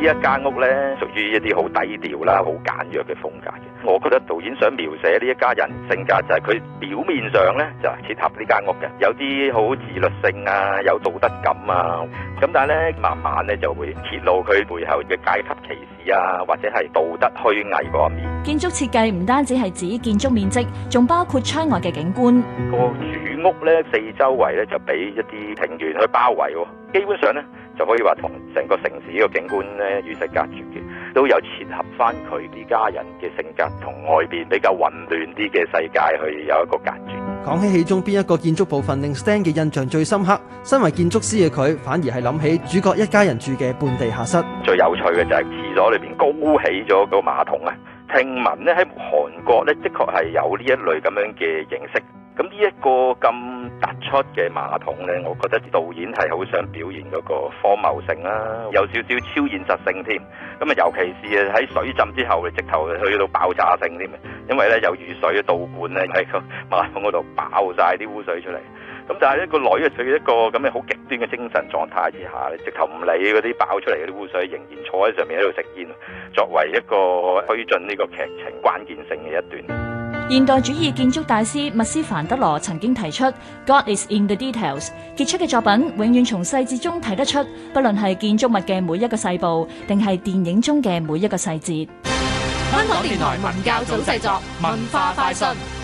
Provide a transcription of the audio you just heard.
呢一間屋咧，屬於一啲好低調啦、好簡約嘅風格嘅。我覺得導演想描寫呢一家人性格，就係佢表面上咧就係切合呢間屋嘅，有啲好自律性啊，有道德感啊。咁但係咧，慢慢咧就會揭露佢背後嘅階級歧視啊，或者係道德虛偽嗰一面。建築設計唔單止係指建築面積，仲包括窗外嘅景觀。個主屋咧四周圍咧就俾一啲庭園去包圍，基本上咧。就可以話同成個城市呢個景觀咧與世隔絕嘅，都有切合翻佢哋家人嘅性格同外邊比較混亂啲嘅世界去有一個隔絕。講起戲中邊一個建築部分令 Stan 嘅印象最深刻，身為建築師嘅佢反而係諗起主角一家人住嘅半地下室。最有趣嘅就係廁所裏邊高起咗個馬桶啊！聽聞咧喺韓國咧，的確係有呢一類咁樣嘅形式。出嘅馬桶呢，我覺得導演係好想表現嗰個荒謬性啦，有少少超現實性添。咁啊，尤其是喺水浸之後，你直頭去到，到爆炸性添，因為呢，有雨水嘅導管咧喺個馬桶嗰度爆晒啲污水出嚟。咁但係一個女嘅處於一個咁嘅好極端嘅精神狀態之下，直頭唔理嗰啲爆出嚟嘅啲污水，仍然坐喺上面喺度食煙，作為一個推進呢個劇情關鍵性嘅一段。現代主義建築大師密斯凡德羅曾經提出 God is in the details，傑出嘅作品永遠從細節中睇得出，不論係建築物嘅每一個細部，定係電影中嘅每一個細節。香港電台文教組製作，文化快訊。